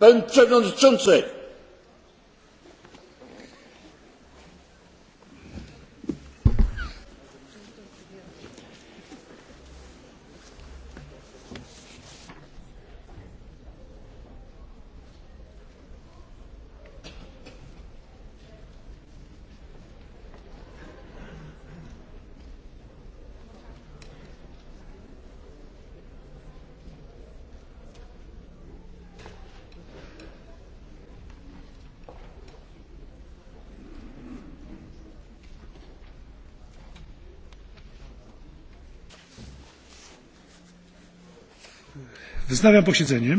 Pan przewodniczący! wznawiam posiedzenie.